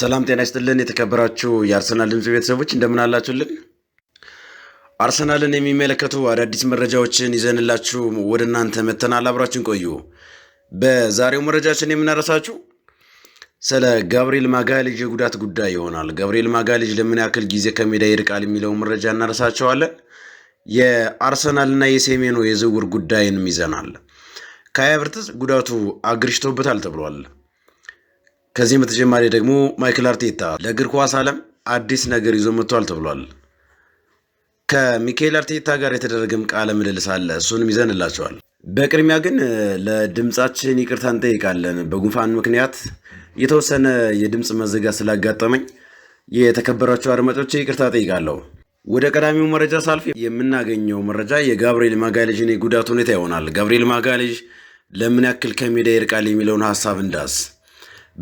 ሰላም ጤና ይስጥልን። የተከበራችሁ የአርሰናል ድምፅ ቤተሰቦች እንደምን አላችሁልን? አርሰናልን የሚመለከቱ አዳዲስ መረጃዎችን ይዘንላችሁ ወደ እናንተ መተናል። አብራችን ቆዩ። በዛሬው መረጃችን የምናረሳችሁ ስለ ገብርኤል ማጋሊጅ የጉዳት ጉዳይ ይሆናል። ጋብሪኤል ማጋሊጅ ለምን ያክል ጊዜ ከሜዳ ይርቃል የሚለውን መረጃ እናረሳቸዋለን። የአርሰናልና የሴሜኖ የዝውውር ጉዳይንም ይዘናል። ካይ ሃቨርትዝ ጉዳቱ አግርሽቶበታል ተብሏል። ከዚህም በተጨማሪ ደግሞ ማይክል አርቴታ ለእግር ኳስ ዓለም አዲስ ነገር ይዞ መጥቷል ተብሏል። ከሚካኤል አርቴታ ጋር የተደረገም ቃለ ምልልስ አለ። እሱንም ይዘንላቸዋል። በቅድሚያ ግን ለድምፃችን ይቅርታ እንጠይቃለን። በጉንፋን ምክንያት የተወሰነ የድምፅ መዘጋ ስላጋጠመኝ የተከበራቸው አድማጮች ይቅርታ ጠይቃለሁ። ወደ ቀዳሚው መረጃ ሳልፍ የምናገኘው መረጃ የጋብርኤል ማጋሌዥን የጉዳት ሁኔታ ይሆናል። ጋብርኤል ማጋሌዥ ለምን ያክል ከሜዳ ይርቃል የሚለውን ሀሳብ እንዳስ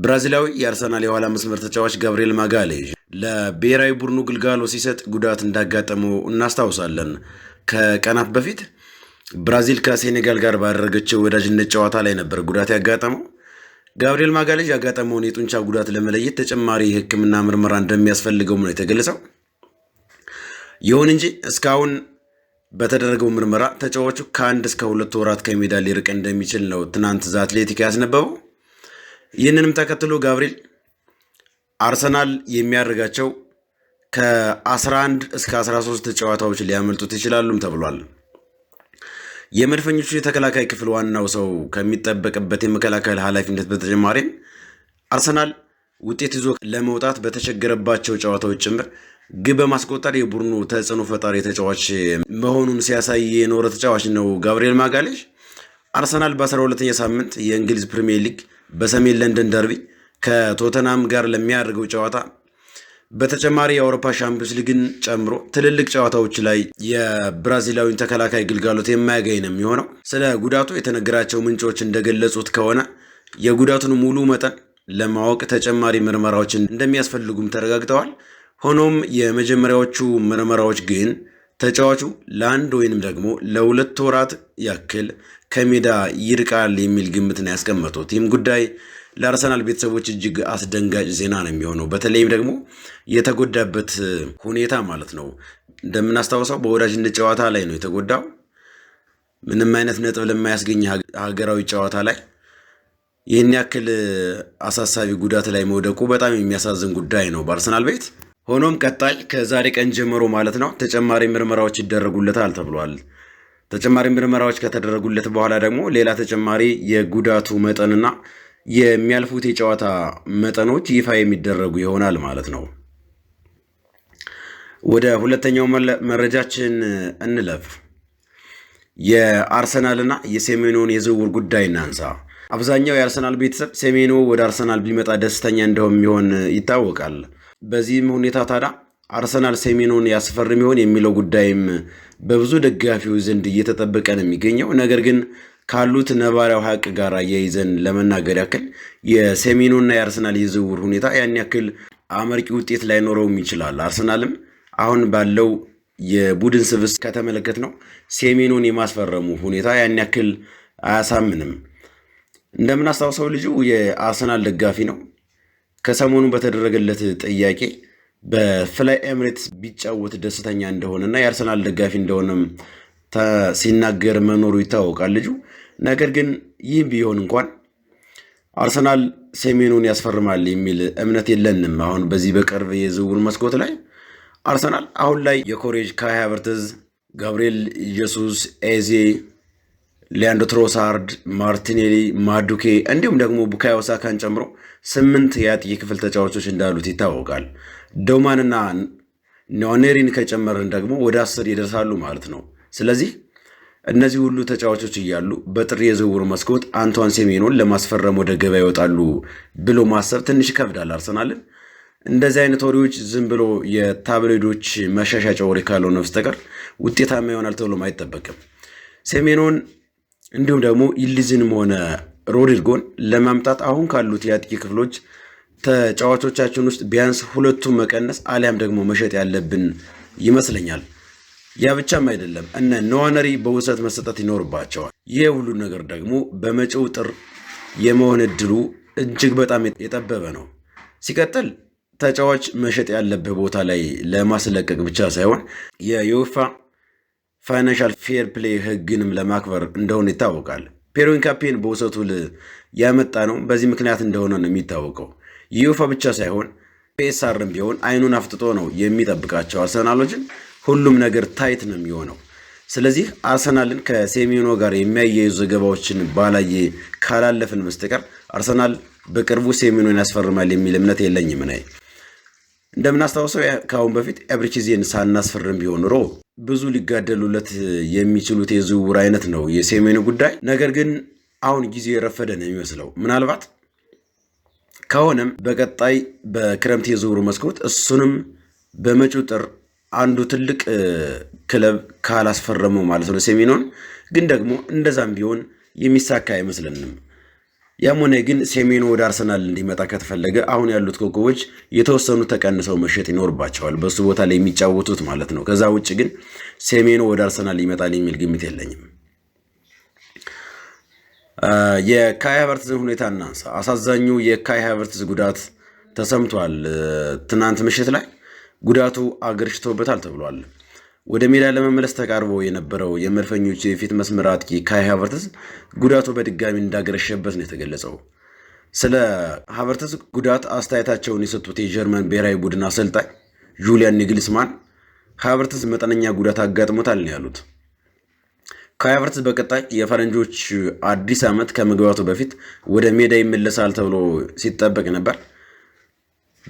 ብራዚላዊ የአርሰናል የኋላ መስመር ተጫዋች ገብርኤል ማጋሌዥ ለብሔራዊ ቡድኑ ግልጋሎት ሲሰጥ ጉዳት እንዳጋጠመው እናስታውሳለን። ከቀናት በፊት ብራዚል ከሴኔጋል ጋር ባደረገችው ወዳጅነት ጨዋታ ላይ ነበር ጉዳት ያጋጠመው። ጋብሪኤል ማጋሌዥ ያጋጠመውን የጡንቻ ጉዳት ለመለየት ተጨማሪ ሕክምና ምርመራ እንደሚያስፈልገውም ነው የተገለጸው። ይሁን እንጂ እስካሁን በተደረገው ምርመራ ተጫዋቹ ከአንድ እስከ ሁለት ወራት ከሜዳ ሊርቅ እንደሚችል ነው ትናንት ዘ አትሌቲክ ያስነበበው። ይህንንም ተከትሎ ጋብሪል አርሰናል የሚያደርጋቸው ከ11 እስከ 13 ጨዋታዎች ሊያመልጡት ይችላሉም ተብሏል። የመድፈኞቹ የተከላካይ ክፍል ዋናው ሰው ከሚጠበቅበት የመከላከል ኃላፊነት በተጨማሪም አርሰናል ውጤት ይዞ ለመውጣት በተቸገረባቸው ጨዋታዎች ጭምር ግብ በማስቆጠር የቡድኑ ተጽዕኖ ፈጣሪ ተጫዋች መሆኑን ሲያሳይ የኖረ ተጫዋች ነው ጋብሪኤል ማጋሌሽ። አርሰናል በ12ኛ ሳምንት የእንግሊዝ ፕሪሚየር ሊግ በሰሜን ለንደን ደርቢ ከቶተናም ጋር ለሚያደርገው ጨዋታ በተጨማሪ የአውሮፓ ሻምፒዮንስ ሊግን ጨምሮ ትልልቅ ጨዋታዎች ላይ የብራዚላዊን ተከላካይ ግልጋሎት የማያገኝ ነው የሚሆነው። ስለ ጉዳቱ የተነገራቸው ምንጮች እንደገለጹት ከሆነ የጉዳቱን ሙሉ መጠን ለማወቅ ተጨማሪ ምርመራዎችን እንደሚያስፈልጉም ተረጋግጠዋል። ሆኖም የመጀመሪያዎቹ ምርመራዎች ግን ተጫዋቹ ለአንድ ወይንም ደግሞ ለሁለት ወራት ያክል ከሜዳ ይርቃል የሚል ግምትን ያስቀመጡት ይህም ጉዳይ ለአርሰናል ቤተሰቦች እጅግ አስደንጋጭ ዜና ነው የሚሆነው። በተለይም ደግሞ የተጎዳበት ሁኔታ ማለት ነው። እንደምናስታውሰው በወዳጅነት ጨዋታ ላይ ነው የተጎዳው። ምንም አይነት ነጥብ ለማያስገኝ ሀገራዊ ጨዋታ ላይ ይህን ያክል አሳሳቢ ጉዳት ላይ መውደቁ በጣም የሚያሳዝን ጉዳይ ነው በአርሰናል ቤት። ሆኖም ቀጣይ ከዛሬ ቀን ጀምሮ ማለት ነው ተጨማሪ ምርመራዎች ይደረጉለታል ተብሏል። ተጨማሪ ምርመራዎች ከተደረጉለት በኋላ ደግሞ ሌላ ተጨማሪ የጉዳቱ መጠንና የሚያልፉት የጨዋታ መጠኖች ይፋ የሚደረጉ ይሆናል ማለት ነው። ወደ ሁለተኛው መረጃችን እንለፍ። የአርሰናልና የሴሜኖን የዝውውር ጉዳይ እናንሳ። አብዛኛው የአርሰናል ቤተሰብ ሴሜኖ ወደ አርሰናል ቢመጣ ደስተኛ ሚሆን ይታወቃል። በዚህም ሁኔታ ታዲያ አርሰናል ሴሜኖን ያስፈርም ይሆን የሚለው ጉዳይም በብዙ ደጋፊው ዘንድ እየተጠበቀ ነው የሚገኘው። ነገር ግን ካሉት ነባሪያው ሀቅ ጋር አያይዘን ለመናገር ያክል የሴሚኖና የአርሰናል የዝውውር ሁኔታ ያን ያክል አመርቂ ውጤት ላይኖረውም ይችላል። አርሰናልም አሁን ባለው የቡድን ስብስ ከተመለከት ነው ሴሜኖን የማስፈረሙ ሁኔታ ያን ያክል አያሳምንም። እንደምናስታውሰው ልጁ የአርሰናል ደጋፊ ነው። ከሰሞኑ በተደረገለት ጥያቄ በፍላይ ኤምሬትስ ቢጫወት ደስተኛ እንደሆነና የአርሰናል ደጋፊ እንደሆነም ሲናገር መኖሩ ይታወቃል ልጁ። ነገር ግን ይህም ቢሆን እንኳን አርሰናል ሴሜኑን ያስፈርማል የሚል እምነት የለንም። አሁን በዚህ በቅርብ የዝውውር መስኮት ላይ አርሰናል አሁን ላይ የኮሬጅ ካይ ሃቨርትዝ፣ ጋብርኤል ኢየሱስ፣ ኤዜ፣ ሊያንድሮ ትሮሳርድ፣ ማርቲኔሊ፣ ማዱኬ እንዲሁም ደግሞ ቡካዮ ሳካን ጨምሮ ስምንት የአጥቂ ክፍል ተጫዋቾች እንዳሉት ይታወቃል። ዶማንና ኔሪን ከጨመርን ደግሞ ወደ አስር ይደርሳሉ ማለት ነው። ስለዚህ እነዚህ ሁሉ ተጫዋቾች እያሉ በጥር የዝውውር መስኮት አንቷን ሴሜኖን ለማስፈረም ወደ ገበያ ይወጣሉ ብሎ ማሰብ ትንሽ ይከብዳል። አርሰናልን እንደዚህ አይነት ወሬዎች ዝም ብሎ የታብሎይዶች መሻሻጫ ወሬ ካልሆነ በስተቀር ውጤታማ ይሆናል ተብሎም አይጠበቅም። ሴሜኖን እንዲሁም ደግሞ ኢሊዝንም ሆነ ሮድሪጎን ለማምጣት አሁን ካሉት የአጥቂ ክፍሎች ተጫዋቾቻችን ውስጥ ቢያንስ ሁለቱን መቀነስ አሊያም ደግሞ መሸጥ ያለብን ይመስለኛል። ያ ብቻም አይደለም፣ እነ ነዋነሪ በውሰት መሰጠት ይኖርባቸዋል። ይህ ሁሉ ነገር ደግሞ በመጪው ጥር የመሆን እድሉ እጅግ በጣም የጠበበ ነው። ሲቀጥል ተጫዋች መሸጥ ያለብህ ቦታ ላይ ለማስለቀቅ ብቻ ሳይሆን የዩፋ ፋይናንሻል ፌር ፕሌይ ህግንም ለማክበር እንደሆነ ይታወቃል። ፔሮን ካፔን በውሰቱ ያመጣ ነው። በዚህ ምክንያት እንደሆነ ነው የሚታወቀው። ዩፋ ብቻ ሳይሆን ፔሳርም ቢሆን አይኑን አፍጥጦ ነው የሚጠብቃቸው አርሰናሎችን። ሁሉም ነገር ታይት ነው የሚሆነው። ስለዚህ አርሰናልን ከሴሚኖ ጋር የሚያያዩ ዘገባዎችን ባላየ ካላለፍን በስተቀር አርሰናል በቅርቡ ሴሚኖን ያስፈርማል የሚል እምነት የለኝም። ና እንደምናስታውሰው ከአሁን በፊት ኤብሪችዜን ሳናስፈርም ቢሆን ኑሮ ብዙ ሊጋደሉለት የሚችሉት የዝውውር አይነት ነው የሴሚኖ ጉዳይ። ነገር ግን አሁን ጊዜ የረፈደ ነው የሚመስለው ምናልባት ከሆነም በቀጣይ በክረምት የዝውውሩ መስኮት እሱንም በመጪው ጥር አንዱ ትልቅ ክለብ ካላስፈረመው ማለት ነው ሴሚኖን። ግን ደግሞ እንደዛም ቢሆን የሚሳካ አይመስለንም። ያም ሆነ ግን ሴሜኖ ወደ አርሰናል እንዲመጣ ከተፈለገ አሁን ያሉት ኮከቦች የተወሰኑ ተቀንሰው መሸጥ ይኖርባቸዋል፣ በሱ ቦታ ላይ የሚጫወቱት ማለት ነው። ከዛ ውጭ ግን ሴሜኖ ወደ አርሰናል ይመጣል የሚል ግምት የለኝም። የካይ ሃቨርትዝን ሁኔታ እናንሳ። አሳዛኙ የካይ ሃቨርትዝ ጉዳት ተሰምቷል። ትናንት ምሽት ላይ ጉዳቱ አገርሽቶበታል ተብሏል። ወደ ሜዳ ለመመለስ ተቃርቦ የነበረው የመድፈኞች የፊት መስመር አጥቂ ካይ ጉዳቱ በድጋሚ እንዳገረሸበት ነው የተገለጸው። ስለ ሀቨርትዝ ጉዳት አስተያየታቸውን የሰጡት የጀርመን ብሔራዊ ቡድን አሰልጣኝ ጁሊያን ኒግልስማን ሀቨርትዝ መጠነኛ ጉዳት አጋጥሞታል ነው ያሉት። ከሀቨርትዝ በቀጣይ የፈረንጆች አዲስ ዓመት ከመግባቱ በፊት ወደ ሜዳ ይመለሳል ተብሎ ሲጠበቅ ነበር።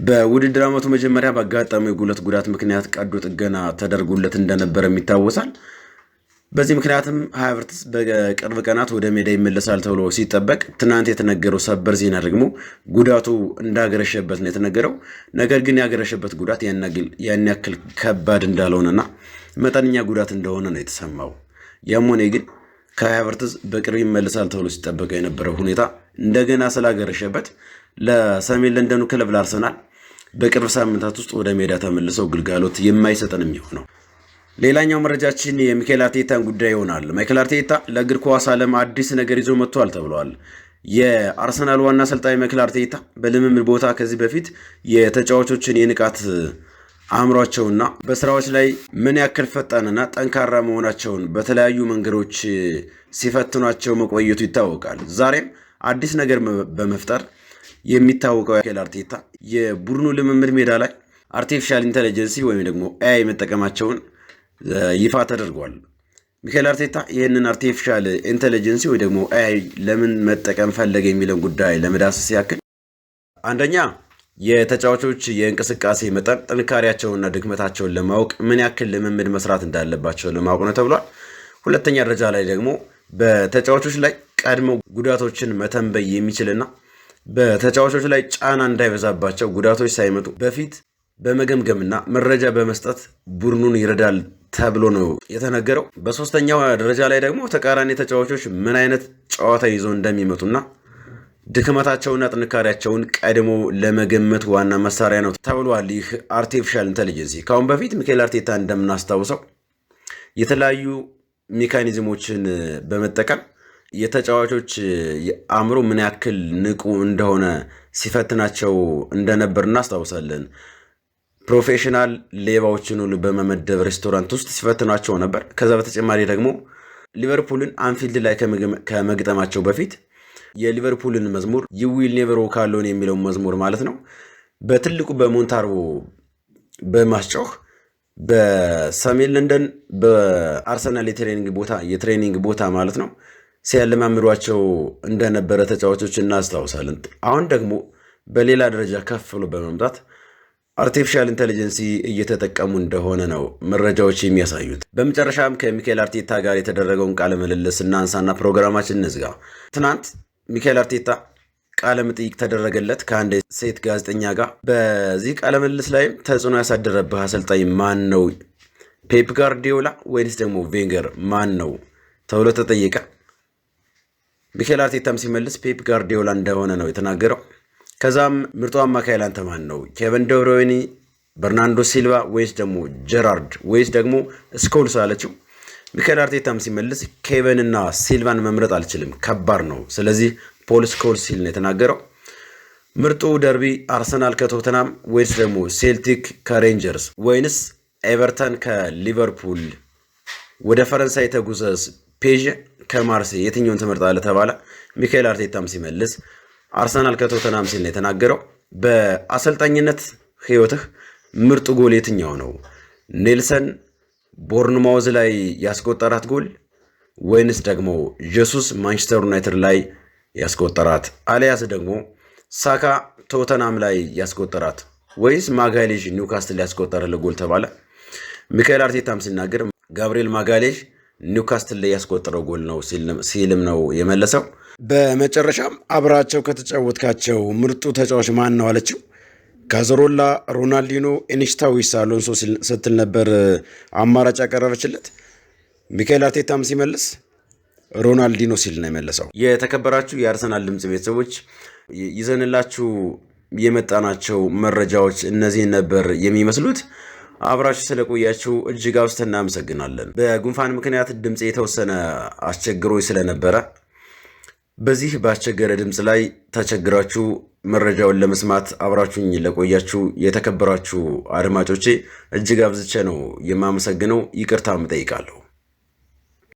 በውድድር ዓመቱ መጀመሪያ በአጋጣሚ ጉለት ጉዳት ምክንያት ቀዶ ጥገና ተደርጎለት እንደነበረም ይታወሳል። በዚህ ምክንያትም ሀቨርትዝ በቅርብ ቀናት ወደ ሜዳ ይመለሳል ተብሎ ሲጠበቅ፣ ትናንት የተነገረው ሰበር ዜና ደግሞ ጉዳቱ እንዳገረሸበት ነው የተነገረው። ነገር ግን ያገረሸበት ጉዳት ያን ያክል ከባድ እንዳልሆነና መጠነኛ ጉዳት እንደሆነ ነው የተሰማው። ያም ሆነ ግን ከሀያ በቅርብ ይመልሳል ተብሎ ሲጠበቀው የነበረው ሁኔታ እንደገና ስላገረሸበት ለሰሜን ለንደኑ ክለብ ለአርሰናል በቅርብ ሳምንታት ውስጥ ወደ ሜዳ ተመልሰው ግልጋሎት የማይሰጠን የሚሆነው። ሌላኛው መረጃችን የሚካኤል አርቴታን ጉዳይ ይሆናል። ማይክል አርቴታ ለእግር ኳስ ዓለም አዲስ ነገር ይዞ መጥቷል ተብለዋል። የአርሰናል ዋና አሰልጣኝ ማይክል አርቴታ በልምምድ ቦታ ከዚህ በፊት የተጫዋቾችን የንቃት አእምሯቸውና በስራዎች ላይ ምን ያክል ፈጣንና ጠንካራ መሆናቸውን በተለያዩ መንገዶች ሲፈትኗቸው መቆየቱ ይታወቃል። ዛሬም አዲስ ነገር በመፍጠር የሚታወቀው ያክል አርቴታ የቡድኑ ልምምድ ሜዳ ላይ አርቲፊሻል ኢንቴሊጀንሲ ወይም ደግሞ ኤአይ መጠቀማቸውን ይፋ ተደርጓል። ሚካኤል አርቴታ ይህንን አርቲፊሻል ኢንቴሊጀንሲ ወይ ደግሞ ኤአይ ለምን መጠቀም ፈለገ የሚለውን ጉዳይ ለመዳሰስ ያክል አንደኛ የተጫዋቾች የእንቅስቃሴ መጠን ጥንካሬያቸውንና ድክመታቸውን ለማወቅ ምን ያክል ልምምድ መስራት እንዳለባቸው ለማወቅ ነው ተብሏል። ሁለተኛ ደረጃ ላይ ደግሞ በተጫዋቾች ላይ ቀድሞ ጉዳቶችን መተንበይ የሚችልና በተጫዋቾች ላይ ጫና እንዳይበዛባቸው ጉዳቶች ሳይመጡ በፊት በመገምገምና መረጃ በመስጠት ቡድኑን ይረዳል ተብሎ ነው የተነገረው። በሶስተኛው ደረጃ ላይ ደግሞ ተቃራኒ ተጫዋቾች ምን አይነት ጨዋታ ይዞ እንደሚመጡና ድክመታቸውና ጥንካሬያቸውን ቀድሞ ለመገመት ዋና መሳሪያ ነው ተብሏል። ይህ አርቲፊሻል ኢንቴሊጀንሲ ከአሁን በፊት ሚካኤል አርቴታ እንደምናስታውሰው የተለያዩ ሜካኒዝሞችን በመጠቀም የተጫዋቾች አእምሮ ምን ያክል ንቁ እንደሆነ ሲፈትናቸው እንደነበር እናስታውሳለን። ፕሮፌሽናል ሌባዎችን ሁሉ በመመደብ ሬስቶራንት ውስጥ ሲፈትናቸው ነበር። ከዛ በተጨማሪ ደግሞ ሊቨርፑልን አንፊልድ ላይ ከመግጠማቸው በፊት የሊቨርፑልን መዝሙር ዩዊል ኔቨሮ ካለውን የሚለውን መዝሙር ማለት ነው በትልቁ በሞንታርቦ በማስጮህ በሰሜን ለንደን በአርሰናል የትሬኒንግ ቦታ የትሬኒንግ ቦታ ማለት ነው ሲያለማምሯቸው እንደነበረ ተጫዋቾች እናስታውሳለን። አሁን ደግሞ በሌላ ደረጃ ከፍ ብሎ በመምጣት አርቲፊሻል ኢንቴሊጀንሲ እየተጠቀሙ እንደሆነ ነው መረጃዎች የሚያሳዩት። በመጨረሻም ከሚካኤል አርቴታ ጋር የተደረገውን ቃለ ምልልስ እናንሳና ፕሮግራማችን እንዝጋ። ትናንት ሚካኤል አርቴታ ቃለ መጠይቅ ተደረገለት ከአንድ ሴት ጋዜጠኛ ጋር። በዚህ ቃለ ምልልስ ላይም ተጽዕኖ ያሳደረብህ አሰልጣኝ ማን ነው? ፔፕ ጋርዲዮላ ወይንስ ደግሞ ቬንገር ማን ነው ተብሎ ተጠየቀ። ሚካኤል አርቴታም ሲመልስ ፔፕ ጋርዲዮላ እንደሆነ ነው የተናገረው። ከዛም ምርጡ አማካይ ላንተ ማን ነው? ኬቨን ደብረወይኒ፣ በርናንዶ ሲልቫ ወይስ ደግሞ ጀራርድ ወይስ ደግሞ ስኮልስ አለችው። ሚካኤል አርቴታም ሲመልስ ኬቨንና ሲልቫን መምረጥ አልችልም፣ ከባድ ነው። ስለዚህ ፖል ስኮልስ ሲል ነው የተናገረው። ምርጡ ደርቢ አርሰናል ከቶተናም ወይስ ደግሞ ሴልቲክ ከሬንጀርስ ወይንስ ኤቨርተን ከሊቨርፑል? ወደ ፈረንሳይ የተጉዘስ ፔዥ ከማርሴ የትኛውን ትመርጣለህ ተባለ። ሚካኤል አርቴታም ሲመልስ አርሰናል ከቶተናም ሲል ነው የተናገረው። በአሰልጣኝነት ህይወትህ ምርጡ ጎል የትኛው ነው? ኔልሰን ቦርንማውዝ ላይ ያስቆጠራት ጎል ወይንስ ደግሞ ኢየሱስ ማንቸስተር ዩናይትድ ላይ ያስቆጠራት አሊያስ ደግሞ ሳካ ቶተናም ላይ ያስቆጠራት ወይስ ማጋሌዥ ኒውካስትል ያስቆጠረ ጎል ተባለ። ሚካኤል አርቴታም ሲናገር ጋብሪኤል ማጋሌዥ ኒውካስትል ላይ ያስቆጠረው ጎል ነው ሲልም ነው የመለሰው። በመጨረሻም አብራቸው ከተጫወትካቸው ምርጡ ተጫዋች ማን ነው አለችው። ካዘሮላ ሮናልዲኖ ኢንሽታዊስ አሎንሶ ስትል ነበር አማራጭ ያቀረበችለት። ሚካኤል አርቴታም ሲመልስ ሮናልዲኖ ሲል ነው የመለሰው። የተከበራችሁ የአርሰናል ድምፅ ቤተሰቦች ይዘንላችሁ የመጣናቸው መረጃዎች እነዚህን ነበር የሚመስሉት። አብራችሁ ስለቆያችሁ እጅግ አውስተን እናመሰግናለን። በጉንፋን ምክንያት ድምፅ የተወሰነ አስቸግሮ ስለነበረ በዚህ በአስቸገረ ድምፅ ላይ ተቸግራችሁ መረጃውን ለመስማት አብራችሁኝ ለቆያችሁ የተከበራችሁ አድማጮቼ እጅግ አብዝቼ ነው የማመሰግነው። ይቅርታም እጠይቃለሁ።